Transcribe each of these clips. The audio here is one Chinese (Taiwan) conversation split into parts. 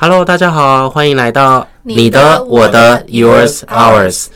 Hello，大家好，歡迎來到你的、你的我的、我的 yours、ours。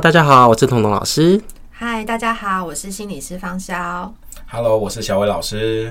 大家好，我是彤彤老師。嗨，大家好，我是心理師方瀟。Hello，我是小偉老師。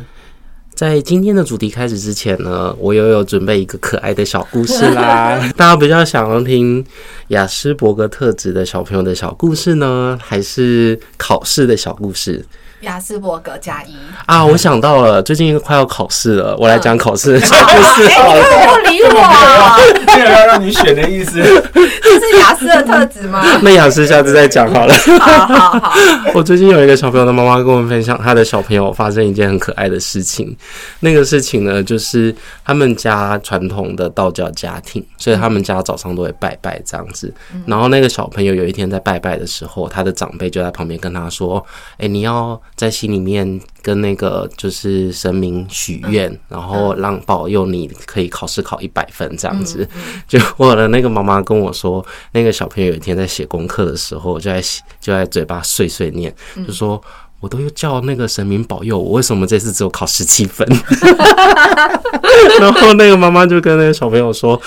在今天的主題開始之前呢，我又有準備一個可愛的小故事啦。 大家比較想要聽亞斯伯格特質的小朋友的小故事呢，還是考試的小故事？亞斯伯格加一啊！我想到了，最近快要考試了，我來講考試。考試，你怎麼不理我？竟然要讓你選的意思，這是亞斯的特質嗎？那亞斯下次再講好了。好好好，我最近有一個小朋友的媽媽跟我們分享，他的小朋友發生一件很可愛的事情。那個事情呢，就是他們家傳統的道教家庭，所以他們家早上都會拜拜這樣子。然後那個小朋友有一天在拜拜的時候，他的長輩就在旁邊跟他說：“哎，你要。”在心裡面跟那個就是神明許願，嗯、然後讓保佑你可以考試考一百分這樣子。嗯、就我的那個媽媽跟我說，那個小朋友有一天在寫功課的時候，就在就在嘴巴碎碎念，嗯、就說。我都又叫那個神明保佑我，為什麼這次只有考十七分？ 然後那個媽媽就跟那個小朋友說：“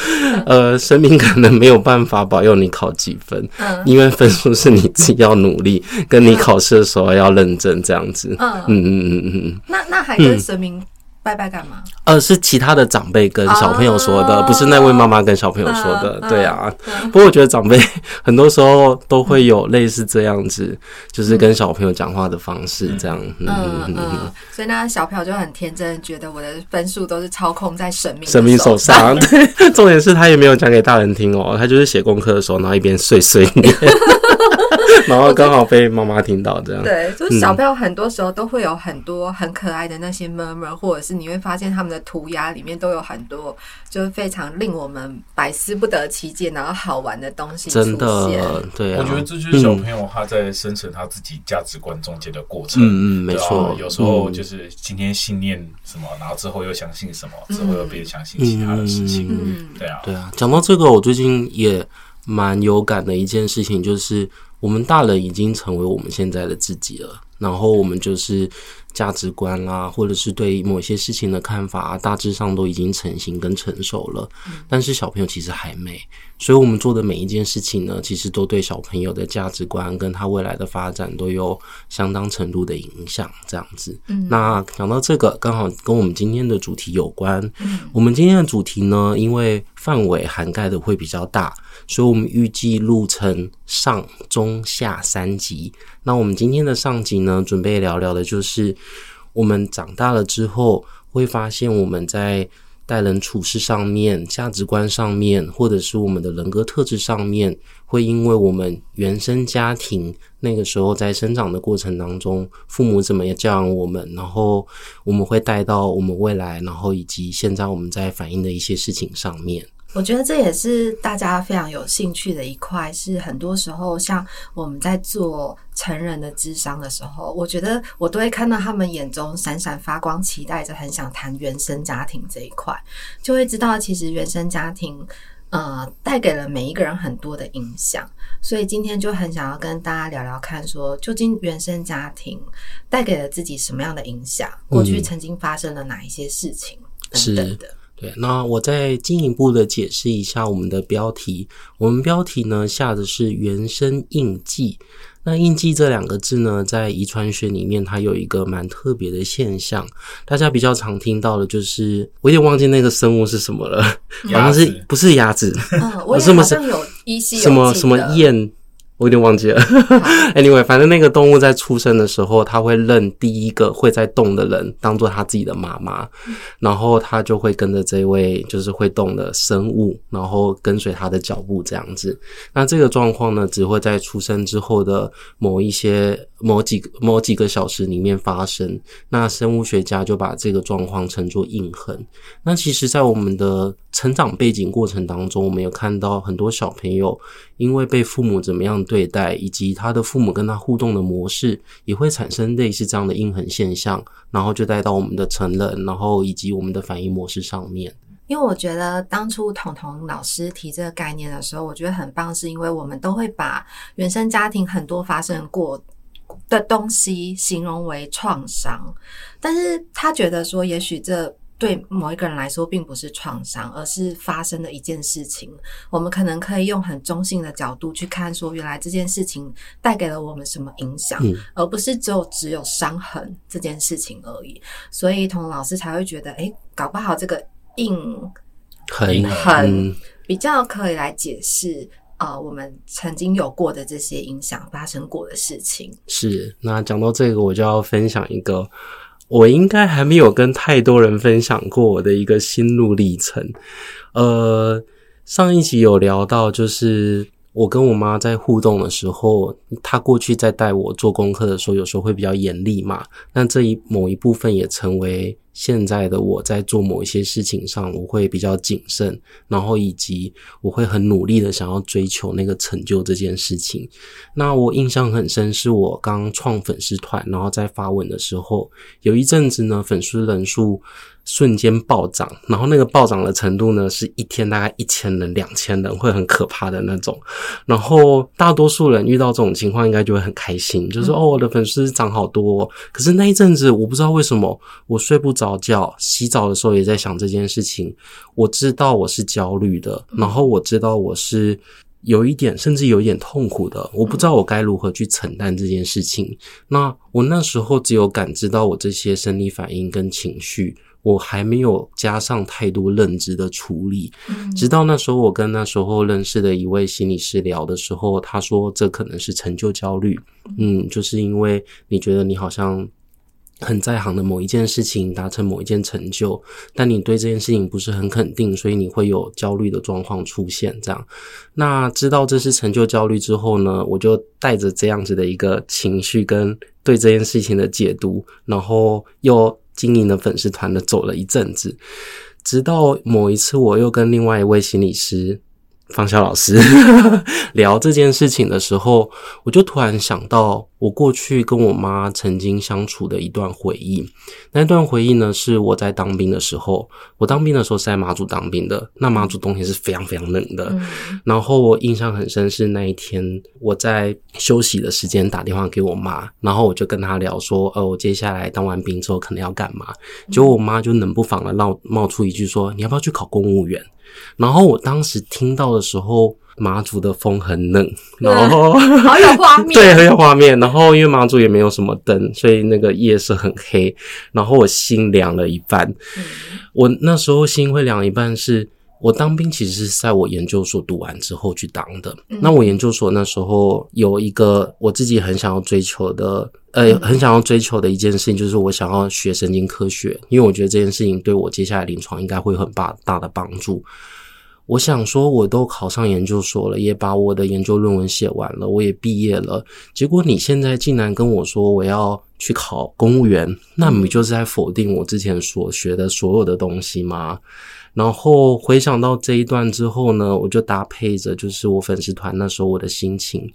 呃，神明可能沒有辦法保佑你考幾分，嗯，因為分數是你自己要努力，跟你考試的時候要認真這樣子，嗯嗯嗯嗯嗯，嗯那那還跟神明嗯”拜拜幹嘛？呃，是其他的長輩跟小朋友說的，啊、不是那位媽媽跟小朋友說的。啊啊對啊，啊對啊，不過我覺得長輩很多時候都會有類似這樣子，嗯、就是跟小朋友講話的方式這樣。嗯嗯。嗯嗯嗯所以呢，小朋友就很天真，覺得我的分數都是操控在神明神明手上。對，重點是他也沒有講給大人聽哦，他就是寫功課的時候，然後一邊碎碎念。 然後剛好被媽媽聽到，這樣、okay. 對，就是小朋友很多時候都會有很多很可愛的那些 murmur、嗯、或者是你會發現他們的塗鴉裡面都有很多，就是非常令我們百思不得其解，然後好玩的東西出現。真的對、啊，我覺得這些小朋友、嗯、他在生成他自己價值觀中間的過程。嗯嗯，沒錯、啊。有時候就是今天信念什麼，嗯、然後之後又相信什麼，嗯、之後又變相信其他的事情。嗯，嗯對啊，對啊。講到這個，我最近也蠻有感的一件事情就是。我們大人已經成為我們現在的自己了，然後我們就是價值觀啦，或者是對某些事情的看法啊，大致上都已經成型跟成熟了。嗯，但是小朋友其實還沒，所以我們做的每一件事情呢，其實都對小朋友的價值觀跟他未來的發展都有相當程度的影響。這樣子，嗯，那講到這個，剛好跟我們今天的主題有關。嗯，我們今天的主題呢，因為範圍涵蓋的會比較大。所以，我們預計錄成上、中、下三集。那我們今天的上集呢，準備聊聊的就是我們長大了之後，會發現我們在待人處事上面，價值觀上面，或者是我們的人格特質上面，會因為我們原生家庭那個時候在生長的過程當中，父母怎麼樣教養我們，然後我們會帶到我們未來，然後以及現在我們在反映的一些事情上面。我覺得這也是大家非常有興趣的一塊，是很多時候像我們在做成人的諮商的時候，我覺得我都會看到他們眼中閃閃發光，期待着，很想談原生家庭這一塊，就會知道其實原生家庭呃帶給了每一個人很多的影響，所以今天就很想要跟大家聊聊看，說究竟原生家庭帶給了自己什麼樣的影響，過去曾經發生了哪一些事情等等的。嗯。對，那我再進一步的解釋一下我們的標題。我們標題呢下的是“原生印記”。那“印記”這兩個字呢，在遺傳學裡面，它有一個蠻特別的現象。大家比較常聽到的，就是我有點忘記那個生物是什麼了，牙齒嗯，好像是不是鴨子？我怎麼好像有依稀有？什麼什麼雁。我有點忘記了 ，Anyway，反正那個動物在出生的時候，他會認第一個會在動的人當做他自己的媽媽，然後他就會跟着這一位就是會動的生物，然後跟隨他的腳步這樣子。那這個狀況呢，只會在出生之後的某一些。某幾個某幾個小時裡面發生，那生物學家就把這個狀況稱作印痕。那其實，在我們的成長背景過程當中，我們有看到很多小朋友因為被父母怎麼樣對待，以及他的父母跟他互動的模式，也會產生類似這樣的印痕現象，然後就帶到我們的成人，然後以及我們的反應模式上面。因為我覺得當初彤彤老師提這個概念的時候，我覺得很棒，是因為我們都會把原生家庭很多發生過。的東西形容為創傷，但是他覺得說，也許這對某一個人來說並不是創傷，而是發生的一件事情。我們可能可以用很中性的角度去看，說原來這件事情帶給了我們什麼影響，嗯、而不是就只有只有傷痕這件事情而已。所以童老師才會覺得，誒、欸，搞不好這個印很，很比較可以來解釋。啊、呃，我們曾經有過的這些影響發生過的事情是。那講到這個，我就要分享一個我應該還沒有跟太多人分享過我的一個心路歷程。呃，上一集有聊到，就是。我跟我媽在互動的時候，她過去在帶我做功課的時候，有時候會比較嚴厲嘛。那這一某一部分也成為現在的我在做某一些事情上，我會比較謹慎，然後以及我會很努力的想要追求那個成就這件事情。那我印象很深，是我剛創粉絲團，然後在發文的時候，有一陣子呢，粉絲人數，瞬間暴漲，然後那個暴漲的程度呢，是一天大概一千人、兩千人，會很可怕的那種。然後大多數人遇到這種情況，應該就會很開心，就是哦，我的粉絲漲好多哦。可是那一陣子，我不知道為什麼我睡不着覺，洗澡的時候也在想這件事情。我知道我是焦慮的，然後我知道我是有一點甚至有一點痛苦的。我不知道我該如何去承擔這件事情。那我那時候只有感知到我這些生理反應跟情緒。我還沒有加上太多認知的處理，直到那時候，我跟那時候認識的一位心理師聊的時候，他說這可能是成就焦慮，嗯，就是因為你覺得你好像很在行的某一件事情達成某一件成就，但你對這件事情不是很肯定，所以你會有焦慮的狀況出現。這樣，那知道這是成就焦慮之後呢，我就帶着這樣子的一個情緒跟對這件事情的解讀，然後又。經營的粉絲團的走了一陣子，直到某一次，我又跟另外一位心理師，方笑老師 聊這件事情的時候，我就突然想到我過去跟我媽曾經相處的一段回憶。那一段回憶呢，是我在當兵的時候，我當兵的時候是在馬祖當兵的。那馬祖冬天是非常非常冷的。嗯、然後我印象很深是那一天，我在休息的時間打電話給我媽，然後我就跟她聊說，呃，我接下來當完兵之後可能要幹嘛？嗯、結果我媽就冷不防的冒冒出一句說，你要不要去考公務員？然後我當時聽到的時候，馬祖的風很冷，然後、啊、好有畫面， 對，很有畫面。然後因為馬祖也沒有什麼燈，所以那個夜色很黑，然後我心涼了一半。嗯、我那時候心會涼一半是。我當兵其實是在我研究所讀完之後去當的。那我研究所那時候有一個我自己很想要追求的，呃，很想要追求的一件事情，就是我想要學神經科學，因為我覺得這件事情對我接下來臨床應該會很大大的幫助。我想說，我都考上研究所了，也把我的研究論文寫完了，我也畢業了，結果你現在竟然跟我說我要去考公務員，那你不就是在否定我之前所學的所有的東西嗎？然後回想到這一段之後呢，我就搭配着就是我粉絲團那時候我的心情，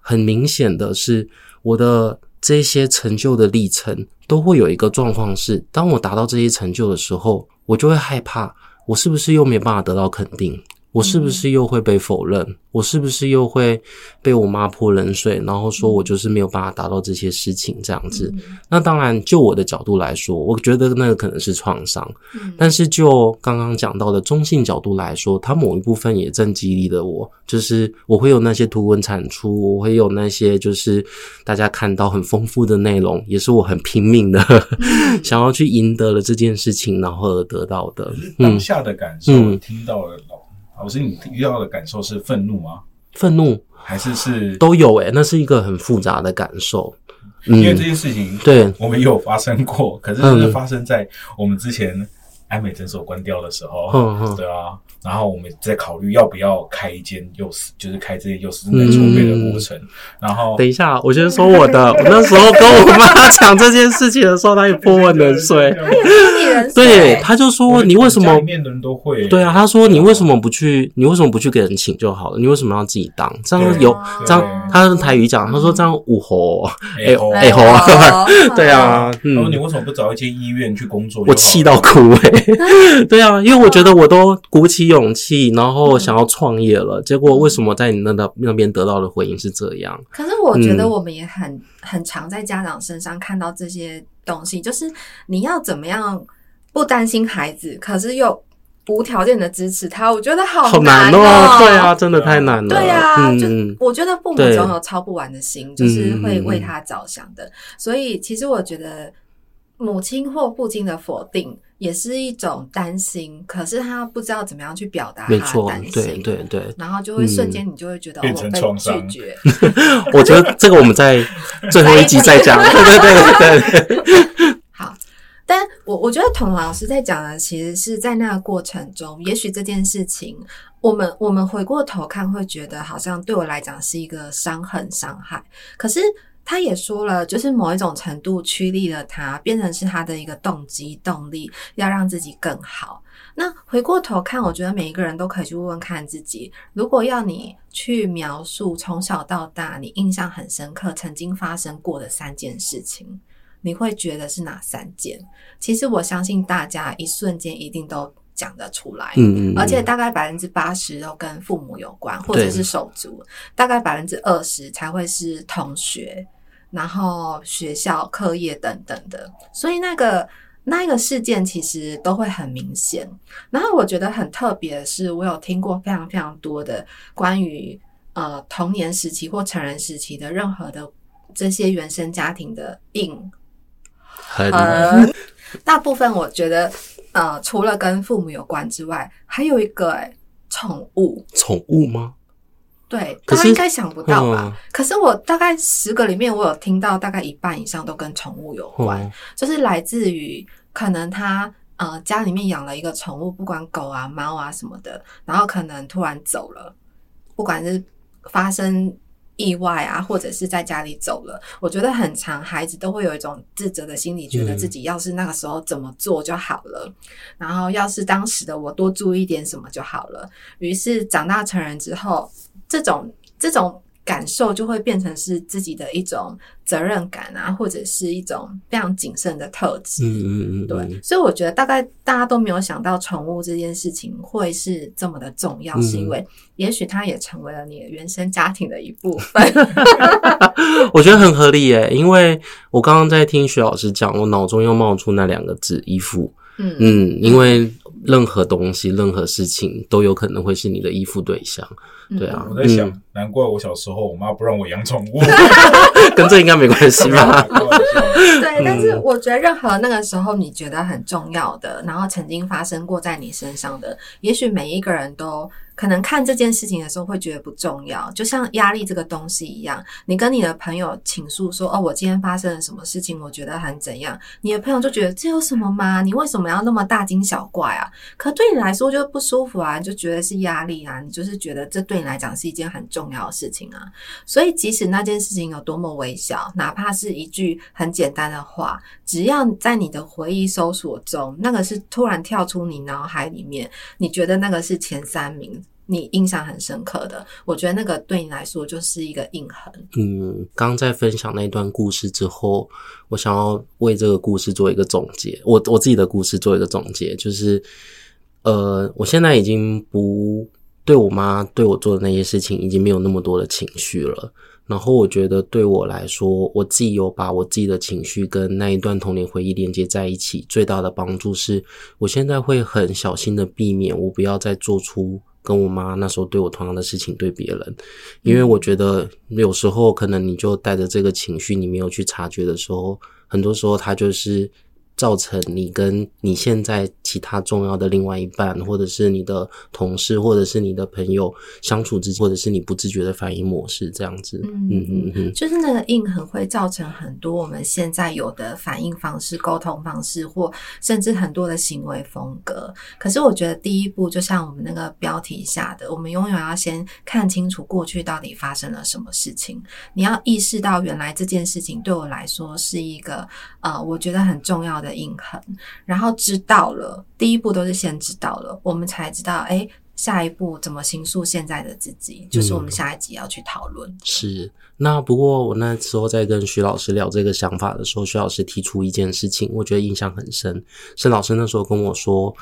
很明顯的是我的這些成就的歷程都會有一個狀況是，當我達到這些成就的時候，我就會害怕，我是不是又沒辦法得到肯定。我是不是又會被否認？嗯、我是不是又會被我媽潑冷水？嗯、然後說我就是沒有辦法達到這些事情這樣子？嗯、那當然，就我的角度來說，我覺得那個可能是創傷。嗯、但是就剛剛講到的中性角度來說，嗯、它某一部分也正激勵了我，就是我會有那些圖文產出，我會有那些就是大家看到很豐富的內容，也是我很拼命的、嗯、想要去贏得了這件事情，然後而得到的當下的感受，聽到了。嗯嗯老師你遇到的感受是憤怒嗎？憤怒還是是都有哎、欸，那是一個很複雜的感受，嗯、因為這件事情對我們也有發生過，對可是真的發生在我們之前。嗯愛美診所關掉的時候，對啊，然後我們在考慮要不要開一間幼思，就是開這些幼思，那籌備的過程。然後等一下，我先說我的。我那時候跟我媽講這件事情的時候，她也潑我冷水。對，她就說你為什麼？面的人都會。對啊，她說你為什麼不去？你為什麼不去給人請就好了？你為什麼要自己當？這樣有這樣，她台語講，她說這樣五猴，哎猴，哎吼，啊，對啊。她說你為什麼不找一間醫院去工作？我氣到哭誒。 對啊，因為我覺得我都鼓起勇氣，然後想要創業了，嗯、結果為什麼在你那的那邊得到的回應是這樣？可是我覺得我們也很、嗯、很常在家長身上看到這些東西，就是你要怎麼樣不擔心孩子，可是又無條件的支持他，我覺得好難哦、喔喔。對啊，真的太難了。對啊，嗯、就我覺得父母總有操不完的心，對就是會為他着想的。嗯嗯，所以其實我覺得母親或父親的否定，也是一種擔心，可是他不知道怎麼樣去表達他的擔心，沒錯，對對對，然後就會瞬間、嗯、你就會覺得我被拒絕。變成創傷。我覺得這個我們在最後一集再講，對對對對，對。 好，但我我覺得童老師在講的其實是在那個過程中，也許這件事情，我們我們回過頭看會覺得好像對我來講是一個傷痕傷害，可是。他也說了，就是某一種程度驅力了他，變成是他的一個動機動力，要讓自己更好。那回過頭看，我覺得每一個人都可以去問問看自己：如果要你去描述從小到大你印象很深刻、曾經發生過的三件事情，你會覺得是哪三件？其實我相信大家一瞬間一定都講得出來，嗯，嗯，嗯。而且大概百分之八十都跟父母有關，或者是手足，對大概百分之二十才會是同學。然後學校課業等等的，所以那個那一個事件其實都會很明顯。然後我覺得很特別的是，我有聽過非常非常多的關於呃童年時期或成人時期的任何的這些原生家庭的印記。大部分我覺得呃除了跟父母有關之外，還有一個、欸、寵物。寵物嗎？對，是他應該想不到吧？嗯、可是我大概十個裡面，我有聽到大概一半以上都跟寵物有關，嗯、就是來自於可能他呃家裡面養了一個寵物，不管狗啊、貓啊什麼的，然後可能突然走了，不管是發生。意外啊，或者是在家裡走了，我覺得很常，孩子都會有一種自責的心理，覺得自己要是那個時候怎麼做就好了，嗯、然後要是當時的我多注意一點什麼就好了。於是長大成人之後，這種這種。感受就會變成是自己的一種責任感啊，或者是一種非常謹慎的特質。嗯嗯嗯，對。所以我覺得大概大家都沒有想到寵物這件事情會是這麼的重要，嗯嗯，是因為也許它也成為了你的原生家庭的一部分。 我覺得很合理耶，欸，因為我剛剛在聽徐老師講，我腦中又冒出那兩個字“依附”嗯。嗯嗯，因為任何東西、任何事情都有可能會是你的依附對象。對啊，我在想，嗯、難怪我小時候我媽不讓我養寵物， 跟這應該沒關係吧？對，但是我覺得，任何那個時候你覺得很重要的，然後曾經發生過在你身上的，也許每一個人都可能看這件事情的時候會覺得不重要，就像壓力這個東西一樣。你跟你的朋友傾訴說：“哦，我今天發生了什麼事情，我覺得很怎樣。”你的朋友就覺得這有什麼嗎？你為什麼要那麼大驚小怪啊？可對你來說就是不舒服啊，就覺得是壓力啊，你就是覺得這對。對你來講是一件很重要的事情啊，所以即使那件事情有多麼微小，哪怕是一句很簡單的話，只要在你的回憶搜索中，那個是突然跳出你腦海裡面，你覺得那個是前三名，你印象很深刻的，我覺得那個對你來說就是一個印痕。嗯，剛在分享那段故事之後，我想要為這個故事做一個總結，我我自己的故事做一個總結，就是，呃，我現在已經不。對我媽對我做的那些事情，已經沒有那麼多的情緒了。然後我覺得對我來說，我自己有把我自己的情緒跟那一段童年回憶連接在一起。最大的幫助是我現在會很小心的避免我不要再做出跟我媽那時候對我同樣的事情對別人，因為我覺得有時候可能你就帶着這個情緒，你沒有去察覺的時候，很多時候他就是。造成你跟你現在其他重要的另外一半，或者是你的同事，或者是你的朋友相處之間，或者是你不自覺的反應模式這樣子。嗯嗯嗯，嗯哼哼，就是那個印痕會造成很多我們現在有的反應方式、溝通方式，或甚至很多的行為風格。可是我覺得第一步，就像我們那個標題下的，我們永遠要先看清楚過去到底發生了什麼事情。你要意識到，原來這件事情對我來說是一個呃，我覺得很重要的。的印痕，然後知道了第一步都是先知道了，我們才知道誒，下一步怎麼重塑現在的自己，就是我們下一集要去討論。嗯、是那不過我那時候在跟徐老師聊這個想法的時候，徐老師提出一件事情，我覺得印象很深。沈老師那時候跟我說，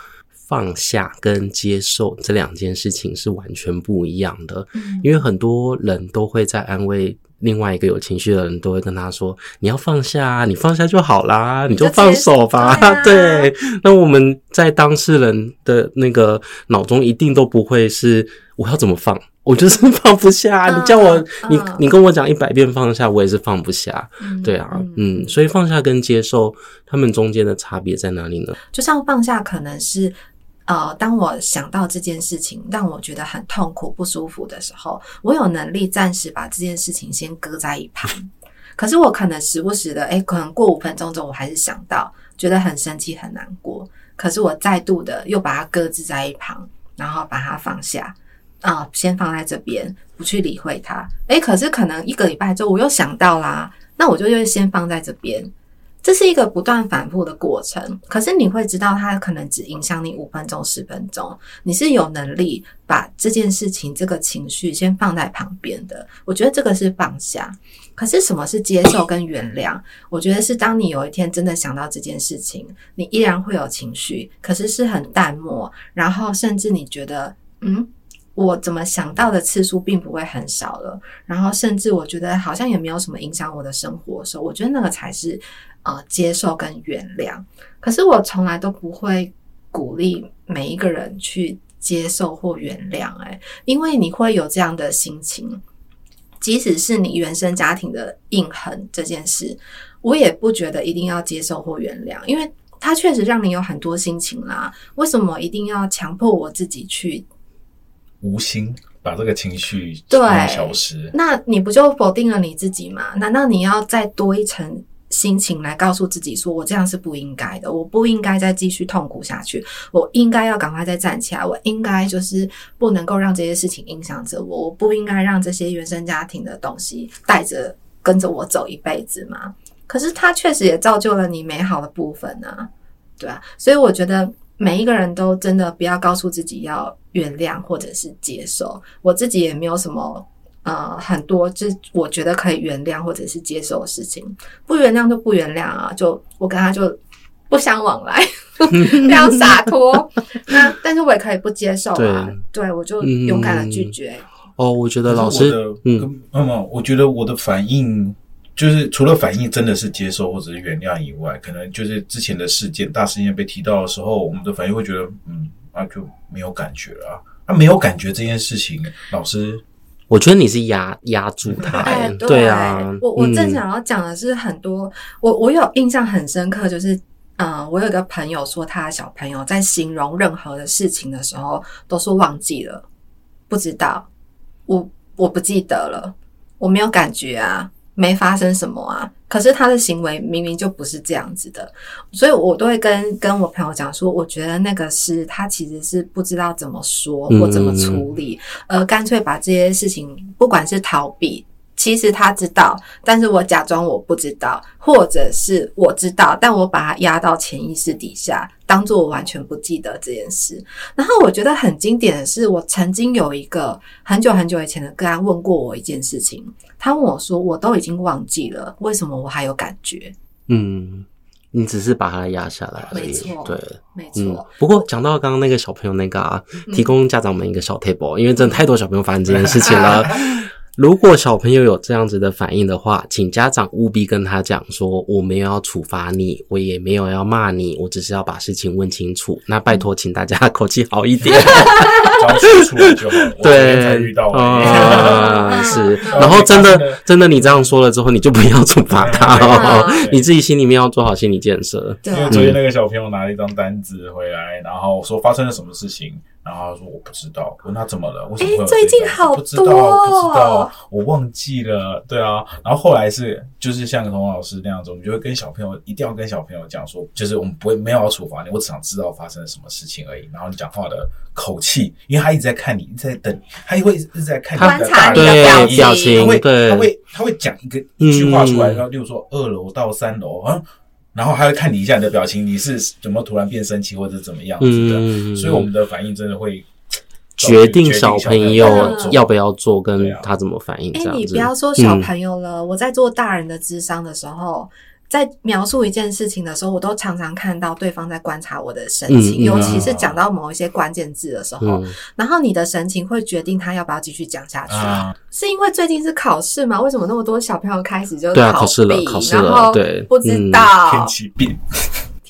放下跟接受這兩件事情是完全不一樣的，嗯、因為很多人都會在安慰。另外一個有情緒的人，都會跟他說：“你要放下啊，你放下就好啦，你就放手吧。”對啊， 對，那我們在當事人的那個腦中，一定都不會是我要怎麼放，我就是放不下。哦，你叫我，哦，你你跟我講一百遍放下，我也是放不下。嗯，對啊，嗯，嗯，所以放下跟接受，他們中間的差別在哪裡呢？就像放下，可能是。呃，當我想到這件事情讓我覺得很痛苦不舒服的時候，我有能力暫時把這件事情先擱在一旁。可是我可能時不時的，哎、欸，可能過五分鐘之後，我還是想到，覺得很生氣很難過。可是我再度的又把它擱置在一旁，然後把它放下，啊、呃，先放在這邊，不去理會它。哎、欸，可是可能一個禮拜之後，我又想到啦，那我就又先放在這邊。這是一個不斷反復的過程，可是你會知道，它可能只影響你五分鐘、十分鐘。你是有能力把這件事情、這個情緒先放在旁邊的。我覺得這個是放下。可是什麼是接受跟原諒？我覺得是當你有一天真的想到這件事情，你依然會有情緒，可是是很淡漠，然後甚至你覺得，嗯，我怎麼想到的次數並不會很少了，然後甚至我覺得好像也沒有什麼影響我的生活的時候，所以我覺得那個才是。呃，接受跟原諒，可是我從來都不會鼓勵每一個人去接受或原諒。哎，因為你會有這樣的心情，即使是你原生家庭的印記這件事，我也不覺得一定要接受或原諒，因為它確實讓你有很多心情啦。為什麼一定要強迫我自己去無心把這個情緒對消失？那你不就否定了你自己嗎？難道你要再多一層？心情來告訴自己，說我這樣是不應該的，我不應該再繼續痛苦下去，我應該要趕快再站起來，我應該就是不能夠讓這些事情影響着我，我不應該讓這些原生家庭的東西帶着跟着我走一輩子嘛。可是他確實也造就了你美好的部分呢，對啊。所以我覺得每一個人都真的不要告訴自己要原諒或者是接受，我自己也沒有什麼。呃，很多就是我覺得可以原諒或者是接受的事情，不原諒就不原諒啊！就我跟他就不相往來，非常灑脫。 那但是我也可以不接受啊，對，對我就勇敢的拒絕。嗯。哦，我覺得老師的嗯，嗯，那麼我覺得我的反應就是除了反應真的是接受或者是原諒以外，可能就是之前的事件大事件被提到的時候，我們的反應會覺得，嗯，啊，就沒有感覺了啊，沒有感覺這件事情，老師。我覺得你是壓壓住他，哎、對，對啊。我我正想要講的是很多，嗯、我我有印象很深刻，就是，呃、嗯，我有一個朋友說，他的小朋友在形容任何的事情的時候，都是忘記了，不知道，我我不記得了，我沒有感覺啊，沒發生什麼啊。可是他的行為明明就不是這樣子的，所以我都會跟跟我朋友講說，我覺得那個是他其實是不知道怎麼說或怎麼處理，呃，乾脆把這些事情，不管是逃避。其實他知道，但是我假裝我不知道，或者是我知道，但我把他壓到潛意識底下，當做我完全不記得這件事。然後我覺得很經典的是，我曾經有一個很久很久以前的個案問過我一件事情，他問我說：“我都已經忘記了，為什麼我還有感覺？”嗯，你只是把他壓下來，沒錯錯，對，沒錯錯、嗯。不過講到剛剛那個小朋友那個啊，提供家長們一個小 table，嗯、因為真的太多小朋友發生這件事情了。 如果小朋友有這樣子的反應的話，請家長務必跟他講說：我沒有要處罰你，我也沒有要罵你，我只是要把事情問清楚。那拜托，請大家口氣好一點，講清楚就好。對我遇到、欸嗯，是。 然後真的， okay, 真的，真的你這樣說了之後，你就不要處罰他哦。Okay. 你自己心裡面要做好心理建設。對，嗯、所以昨天那個小朋友拿了一張單子回來，然後說發生了什麼事情。然後他說我不知道，我問他怎麼了，我說，哎，最近好多，哦不知道，不知道，我忘記了，對啊。然後後來是就是像個童老師那樣子，我們就會跟小朋友一定要跟小朋友講說，就是我們不會沒有要處罰你，我只想知道發生了什麼事情而已。然後你講話的口氣，因為他一直在看你，一直在等，他也會一直在看你的表情，他會、啊、對他會對他會講一個一句話出來，然後例如說、嗯、二樓到三樓啊。嗯然後他會看你一下你的表情，你是怎麼突然變生氣或者怎麼樣子的。嗯、所以我們的反應真的會決定小朋友要不要做，嗯、要不要做跟他怎麼反應這樣子。哎，你不要說小朋友了，嗯、我在做大人的諮商的時候。在描述一件事情的時候，我都常常看到對方在觀察我的神情，嗯嗯啊、尤其是講到某一些關鍵字的時候，嗯、然後你的神情會決定他要不要繼續講下去。啊、是因為最近是考試嗎？為什麼那麼多小朋友開始就逃避？然後對，不知道、嗯、天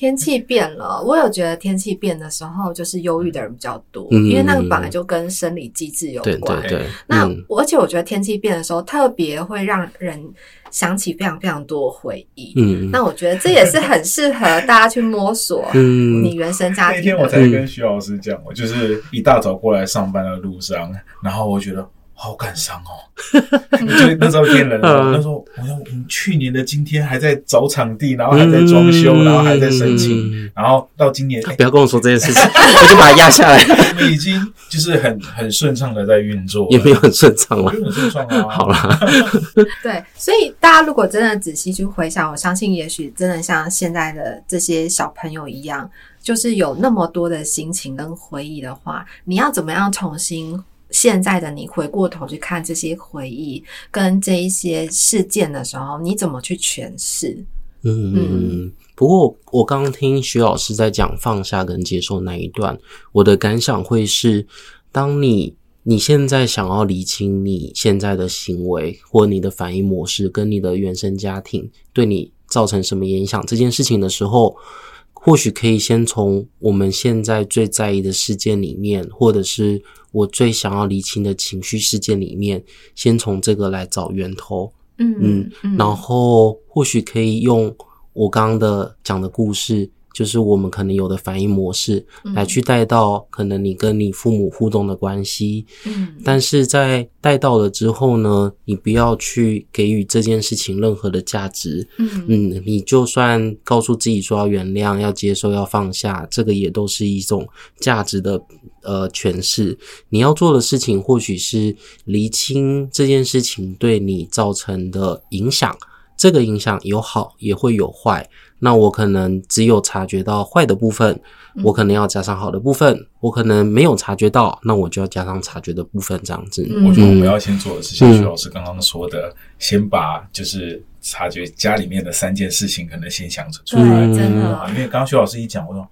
天氣變了，我有覺得天氣變的時候，就是憂鬱的人比較多，嗯、因為那個本來就跟生理機制有關。對對對。那、嗯、而且我覺得天氣變的時候，特別會讓人想起非常非常多回憶。嗯。那我覺得這也是很適合大家去摸索你原生家庭、嗯。那天我才跟徐老師講，我就是一大早過來上班的路上，然後我覺得。好感傷哦，就 那時候變冷了，嗯、那時候我說我、嗯、去年的今天還在找場地，然後還在裝修，嗯、然後還在申請，嗯、然後到今年不要跟我說這件事情，欸、 我就把它壓下來。我們已經就是很很順暢的在運作，也沒有很順暢了。沒有很順暢了。好啦， 對，所以大家如果真的仔細去回想，我相信也許真的像現在的這些小朋友一樣，就是有那麼多的心情跟回憶的話，你要怎麼樣重新？現在的你回過頭去看這些回憶跟這一些事件的時候，你怎麼去詮釋？嗯，嗯。不過我剛剛聽徐老師在講放下跟接受那一段，我的感想會是：當你你現在想要理清你現在的行為或你的反應模式跟你的原生家庭對你造成什麼影響這件事情的時候。或許可以先從我們現在最在意的事件裡面，或者是我最想要理清的情緒事件裡面，先從這個來找源頭。嗯嗯，嗯，然後或許可以用我剛剛的講的故事。就是我們可能有的反應模式，來去帶到可能你跟你父母互動的關係，嗯。但是在帶到了之後呢，你不要去給予這件事情任何的價值，嗯，嗯，你就算告訴自己說要原諒、要接受、要放下，這個也都是一種價值的，呃，詮釋。你要做的事情，或許是釐清這件事情對你造成的影響。這個影響有好也會有壞，那我可能只有察覺到壞的部分，我可能要加上好的部分，我可能沒有察覺到，那我就要加上察覺的部分這樣子。嗯、我覺得我們要先做的是，像徐老師剛剛說的，嗯、先把就是察覺家裡面的三件事情，可能先想出來，真的對。嗯、因為剛剛徐老師一講，我說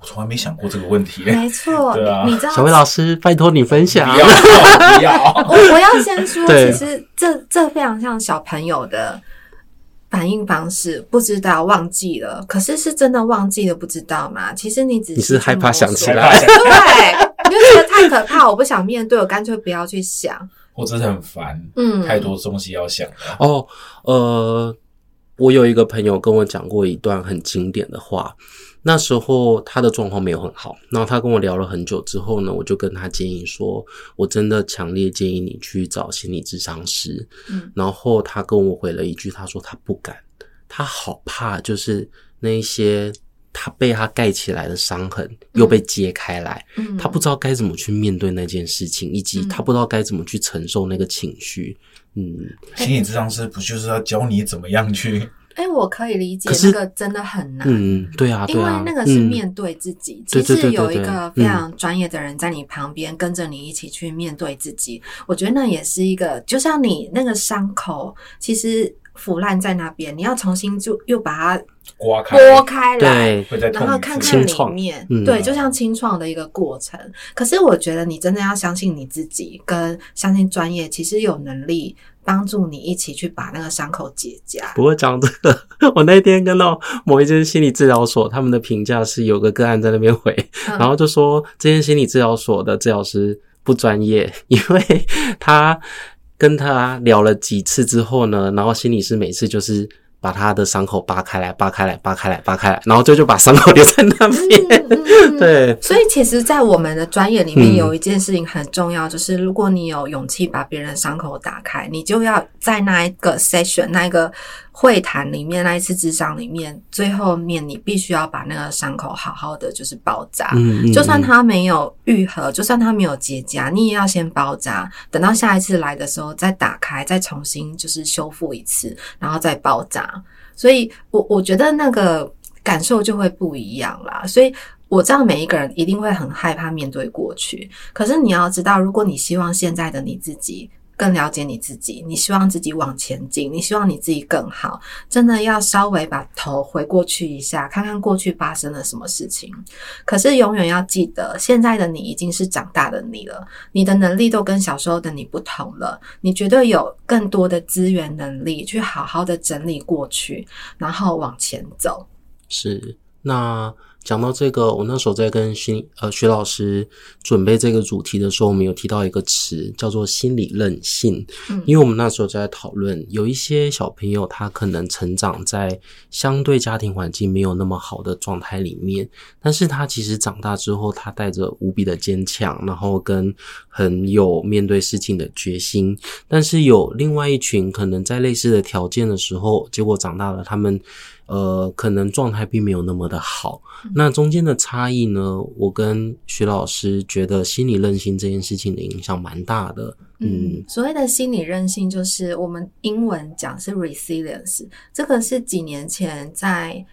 我從來沒想過這個問題，沒錯，對啊。小薇老師，拜託你分享。不要，不要 我，我要先說，其實對這這非常像小朋友的反應方式不知道？忘記了，可是是真的忘記了，不知道嗎？其實你只是，你是害怕想起來，對， 就覺得太可怕，我不想面對，我乾脆不要去想。我真的很煩，嗯，太多東西要想。哦，呃，我有一個朋友跟我講過一段很經典的話。那時候他的狀況沒有很好，然後他跟我聊了很久之後呢，我就跟他建議說，我真的強烈建議你去找心理諮商師。嗯、然後他跟我回了一句，他說他不敢，他好怕，就是那些他被他蓋起來的傷痕又被揭開來，嗯、他不知道該怎麼去面對那件事情，嗯、以及他不知道該怎麼去承受那個情緒。嗯，心理諮商師不就是要教你怎麼樣去？ 哎、欸，我可以理解，可是，那個真的很難，嗯，對啊，對啊，因為那個是面對自己，嗯、其實有一個非常專業的人在你旁邊跟着你一起去面對自己，嗯、我覺得那也是一個，就像你那個傷口，其實。腐爛在那邊，你要重新就又把它刮剝開，對開來，然後看看裡面，嗯、對，就像清創的一個過程。嗯、可是我覺得你真的要相信你自己，跟相信專業，其實有能力幫助你一起去把那個傷口結痂。不過講這個。我那天跟到某一間心理治療所，他們的評價是有個個案在那邊回，嗯、然後就說這間心理治療所的治療師不專業，因為他。跟他聊了幾次之後呢，然後心理師每次就是把他的傷口扒開來，扒開來，扒開來，扒開來，然後就就把傷口留在那邊。嗯嗯、 對，所以其實，在我們的專業裡面，有一件事情很重要，嗯、就是如果你有勇氣把別人的傷口打開，你就要在那一個 session，那一個。會談裡面那一次諮商裡面，最後面你必須要把那個傷口好好的就是包紮。嗯嗯嗯，就算它沒有愈合，就算它沒有結痂，你也要先包紮，等到下一次來的時候再打開，再重新就是修復一次，然後再包紮。所以，我我覺得那個感受就會不一樣啦。所以我知道每一個人一定會很害怕面對過去，可是你要知道，如果你希望現在的你自己。更了解你自己，你希望自己往前進，你希望你自己更好，真的要稍微把頭回過去一下，看看過去發生了什麼事情。可是永遠要記得，現在的你已經是長大的你了，你的能力都跟小時候的你不同了，你絕對有更多的資源能力去好好的整理過去，然後往前走。是，那。講到這個，我那時候在跟徐呃徐老師準備這個主題的時候，我們有提到一個詞叫做心理韌性。嗯，因為我們那時候在討論，有一些小朋友他可能成長在相對家庭環境沒有那麼好的狀態裡面，但是他其實長大之後，他帶着無比的堅強，然後跟很有面對事情的決心。但是有另外一群可能在類似的條件的時候，結果長大了，他們。呃，可能狀態並沒有那麼的好。嗯、那中間的差異呢？我跟徐老師覺得心理韌性這件事情的影響蠻大的。嗯，嗯，所謂的心理韌性就是我們英文講是 resilience，這個是幾年前在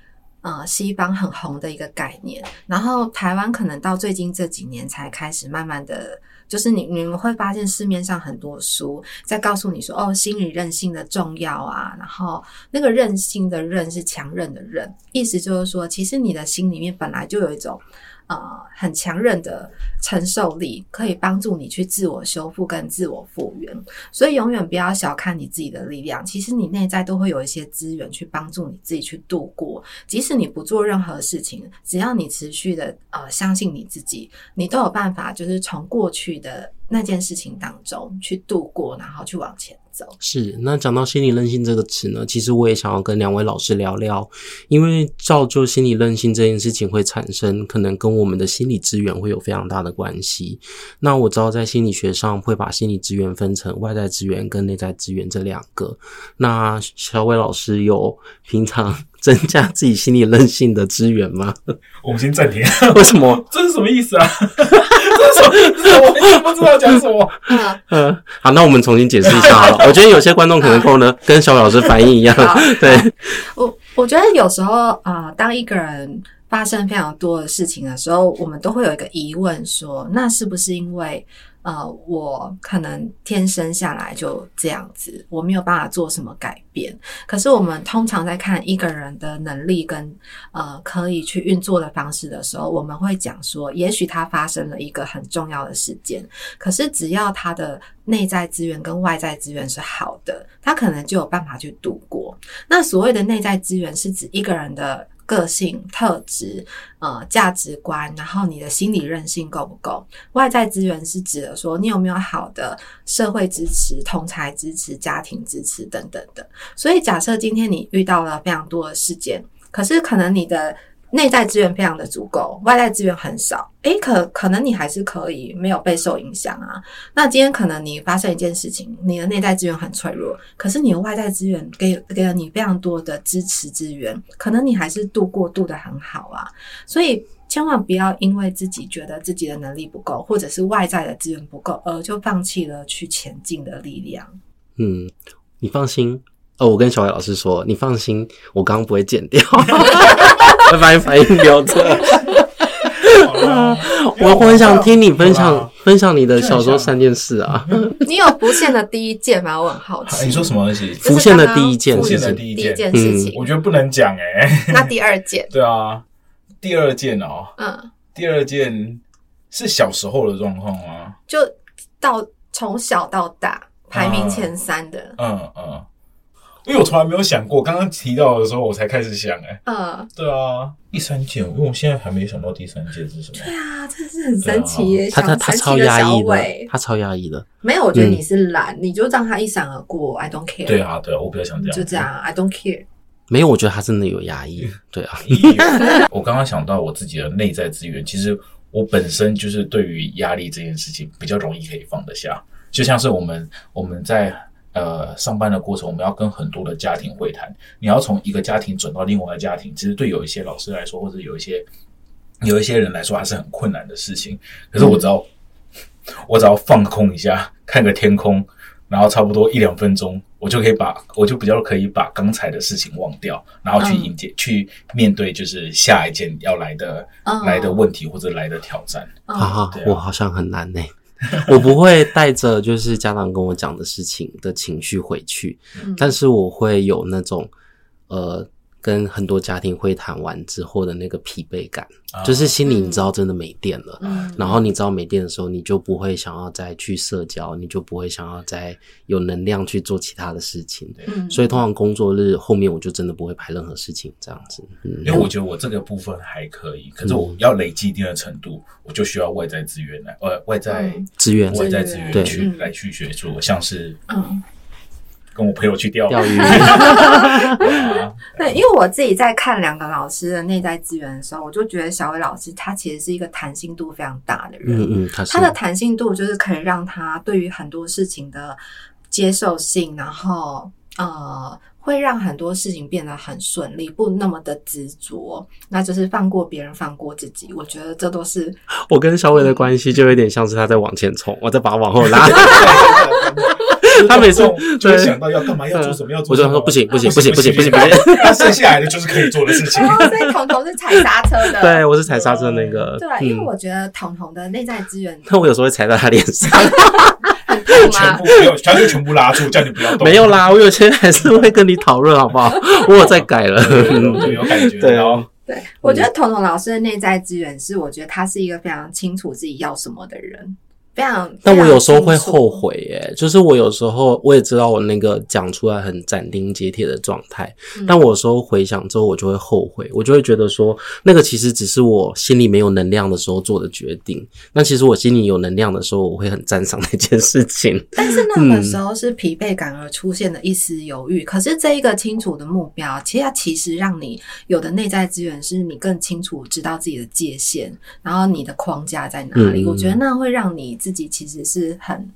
呃西方很紅的一個概念，然後台灣可能到最近這幾年才開始慢慢的。就是你，你們會發現市面上很多書在告訴你說，哦，心理韌性的重要啊，然後那個韌性的韌是強韌的韌，意思就是說，其實你的心裡面本來就有一種。呃，很強韌的承受力可以幫助你去自我修復跟自我復原，所以永遠不要小看你自己的力量。其實你內在都會有一些資源去幫助你自己去度過，即使你不做任何事情，只要你持續的呃相信你自己，你都有辦法，就是從過去的。那件事情當中去度過，然後去往前走。是，那講到心理韌性這個詞呢，其實我也想要跟兩位老師聊聊，因為造就心理韌性這件事情會產生，可能跟我們的心理資源會有非常大的關係。那我知道在心理學上會把心理資源分成外在資源跟內在資源這兩個。那小偉老師有平常增加自己心理韌性的資源嗎？我們先暫停、啊。為什麼？這是什麼意思啊？ 這是什麼意思、啊？這是我怎麼不知道講什麼？嗯好，那我們重新解釋一下。我覺得有些觀眾可能夠呢， 跟小老師反應一樣。 好對我，我覺得有時候啊、呃，當一個人發生非常多的事情的時候，我們都會有一個疑問說，說那是不是因為？呃，我可能天生下來就這樣子，我沒有辦法做什麼改變。可是我們通常在看一個人的能力跟呃可以去運作的方式的時候，我們會講說，也許他發生了一個很重要的事件。可是只要他的內在資源跟外在資源是好的，他可能就有辦法去度過。那所謂的內在資源是指一個人的。個性特質、呃價值觀，然後你的心理韌性夠不夠？外在資源是指的說你有沒有好的社會支持、同儕支持、家庭支持等等的。所以假設今天你遇到了非常多的事件，可是可能你的內在資源非常的足夠，外在資源很少。誒、欸，可可能你還是可以沒有被受影響啊。那今天可能你發生一件事情，你的內在資源很脆弱，可是你的外在資源給給了你非常多的支持資源，可能你還是度過度的很好啊。所以千萬不要因為自己覺得自己的能力不夠，或者是外在的資源不夠，而就放棄了去前進的力量。嗯，你放心。哦，我跟小偉老師說，你放心，我剛剛不會剪掉，拜拜，反應掉的。我很想聽你分享分享你的小時候三件事啊。你有浮現的第一件嗎？我很好奇。你說什麼東西？浮現的第一件，浮現的第一件事情，我覺得不能講誒。那第二件？對啊，第二件哦。嗯。第二件是小時候的狀況嗎？就到從小到大排名前三的。嗯嗯。因為我從來沒有想過，剛剛提到的時候我才開始想、欸，誒啊、uh, 對啊，第三件，因為我現在還沒想到第三件是什麼，對啊，真的是很神奇耶，啊、奇他他他超壓抑的，他超壓抑的，沒有，我覺得你是懶，嗯、你就讓他一閃而過，I don't care，對啊，對啊，我比較想這樣，就這樣，I don't care，沒有，我覺得他真的有壓抑，嗯、對啊，我剛剛想到我自己的內在資源，其實我本身就是對於壓力這件事情比較容易可以放得下，就像是我們我們在。呃，上班的過程，我們要跟很多的家庭會談。你要從一個家庭轉到另外一個家庭，其實對有一些老師來說，或者有一些有一些人來說，還是很困難的事情。可是，我只要、嗯、我只要放空一下，看個天空，然後差不多一兩分鐘，我就可以把我就比較可以把剛才的事情忘掉，然後去迎接、嗯、去面對，就是下一件要來的、哦、來的問題或者來的挑戰。哈哈、哦，我、啊、好像很難呢、欸。 我不會帶着就是家長跟我講的事情的情緒回去，嗯、但是我會有那種呃。跟很多家庭會談完之後的那個疲憊感，哦、就是心裡你知道真的沒電了。嗯、然後你知道沒電的時候，你就不會想要再去社交，你就不會想要再有能量去做其他的事情。對所以通常工作日後面，我就真的不會排任何事情這樣子。因、嗯、為我覺得我這個部分還可以，可是我要累積一定的程度，嗯、我就需要外在資源來，呃，外在資源，外在資源去對來去協助像是、嗯跟我朋友去釣釣魚，魚。 對，啊、 對，對，因為我自己在看兩個老師的內在資源的時候，我就覺得小偉老師他其實是一個彈性度非常大的人。嗯嗯，他，他的彈性度就是可以讓他對於很多事情的接受性，然後呃，會讓很多事情變得很順利，不那麼的執着。那就是放過別人，放過自己。我覺得這都是我跟小偉的關係，就有點像是他在往前衝，嗯、我在把他往後拉。 他每次就會想到要幹嘛，要做什麼，要我就說不行，不行，不行，不行，不行，不行。他生下來的就是可以做的事情。所以彤彤是踩剎車的。對，我是踩剎車那個。對，因為我覺得彤彤的內在資源，那我有時候會踩到他臉上，很痛沒有，全部全部拉住，這樣就不要。沒有啦，我有些還是會跟你討論，好不好？我再改了，對哦，對，我覺得彤彤老師的內在資源是，我覺得他是一個非常清楚自己要什麼的人。但我有時候會後悔、欸，耶，就是我有時候我也知道我那個講出來很斬釘截鐵的狀態，嗯、但我有時候回想之後我就會後悔，我就會覺得說那個其實只是我心裡沒有能量的時候做的決定，那其實我心裡有能量的時候，我會很讚賞那件事情。但是那個時候是疲憊感而出現的一絲猶豫，嗯、可是這一個清楚的目標，其實它其實讓你有的內在資源是你更清楚知道自己的界限，然後你的框架在哪裡，嗯、我覺得那會讓你。自己其實是很。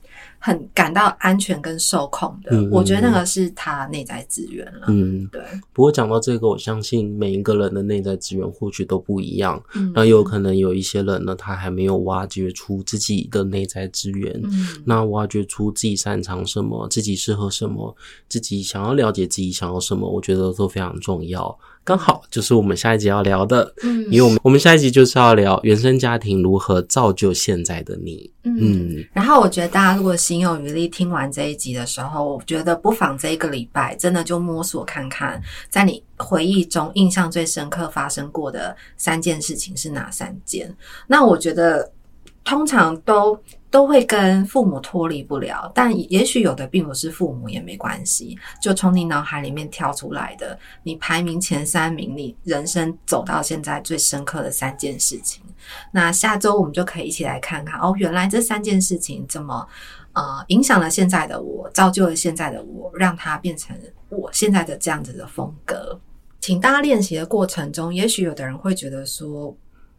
很感到安全跟受控的，嗯、我覺得那個是他內在資源了。嗯，對。不過講到這個，我相信每一個人的內在資源或許都不一樣。那、嗯、有可能有一些人呢，他還沒有挖掘出自己的內在資源。嗯，那挖掘出自己擅長什麼，自己適合什麼，自己想要了解自己想要什麼，我覺得都非常重要。剛好就是我們下一集要聊的。嗯，因為我們我們下一集就是要聊原生家庭如何造就現在的你。嗯，嗯然後我覺得大家如果是心有餘力聽完這一集的時候，我覺得不妨這一個禮拜真的就摸索看看，在你回憶中印象最深刻發生過的三件事情是哪三件？那我覺得通常都都會跟父母脫離不了，但也許有的並不是父母也沒關係，就從你腦海裡面跳出來的，你排名前三名，你人生走到現在最深刻的三件事情。那下周我們就可以一起來看看哦，原來這三件事情怎麼。啊、呃，影響了現在的我，造就了現在的我，讓它變成我現在的這樣子的風格。請大家練習的過程中，也許有的人會覺得說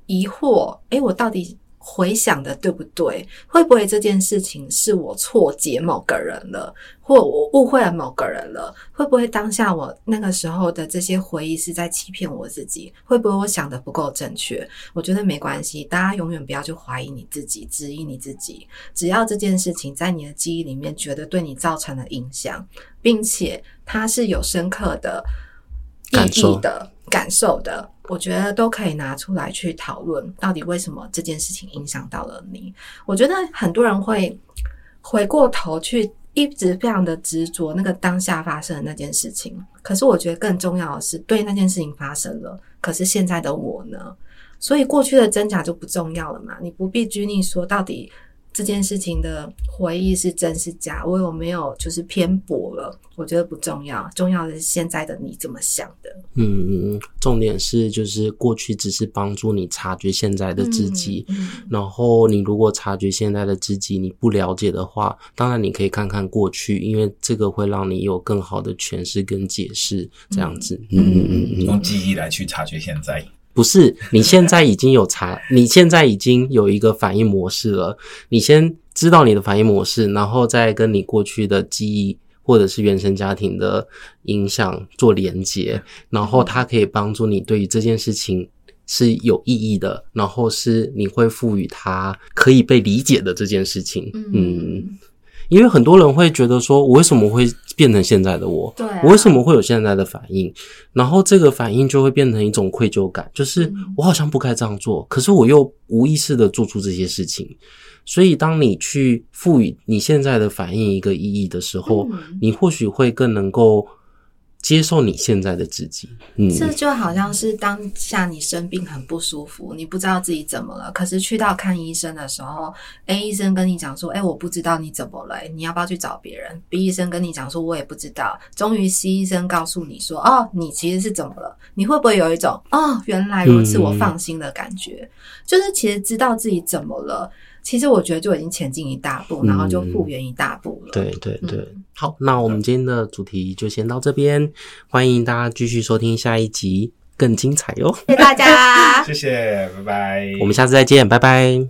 疑惑，誒，我到底，回想的對不對？會不會這件事情是我錯解某個人了，或我誤會了某個人了？會不會當下我那個時候的這些回憶是在欺騙我自己？會不會我想的不夠正確？我覺得沒關係，大家永遠不要去懷疑你自己、質疑你自己。只要這件事情在你的記憶裡面覺得對你造成了影響，並且它是有深刻的意義的感受的。我覺得都可以拿出來去討論，到底為什麼這件事情影響到了你？我覺得很多人會回過頭去，一直非常的執着那個當下發生的那件事情。可是我覺得更重要的是，對那件事情發生了，可是現在的我呢？所以過去的真假就不重要了嘛，你不必拘泥說到底。這件事情的回憶是真是假，我有沒有就是偏頗了？我覺得不重要，重要的是現在的你怎麼想的。嗯，重點是就是過去只是幫助你察覺現在的自己，嗯、然後你如果察覺現在的自己你不了解的話，當然你可以看看過去，因為這個會讓你有更好的詮釋跟解釋。這樣子，嗯嗯嗯，用記憶來去察覺現在。 不是，你現在已經有才，你現在已經有一個反應模式了。你先知道你的反應模式，然後再跟你過去的記憶或者是原生家庭的影響做連接，然後它可以幫助你對於這件事情是有意義的，然後是你會賦予它可以被理解的這件事情。嗯。因為很多人會覺得說，我為什麼會變成現在的我？對、啊，我為什麼會有現在的反應？然後這個反應就會變成一種愧疚感，就是我好像不該這樣做，嗯、可是我又無意識的做出這些事情。所以，當你去賦予你現在的反應一個意義的時候，嗯、你或許會更能夠接受你現在的自己，嗯，這就好像是當下你生病很不舒服，你不知道自己怎麼了，可是去到看醫生的時候，A 醫生跟你講說：“誒，欸，我不知道你怎麼了，欸，你要不要去找別人？”B 醫生跟你講說：“我也不知道。”終於 C 醫生告訴你說：“哦，你其實是怎麼了？”你會不會有一種“哦，原來如此，我放心”的感覺？嗯嗯嗯，就是其實知道自己怎麼了。其實我覺得就已經前進一大步，然後就復原一大步了。嗯、對對對，嗯、好，那我們今天的主題就先到這邊，歡迎大家繼續收聽下一集，更精彩喲、哦！謝謝大家， 謝謝，拜拜，我們下次再見，拜拜。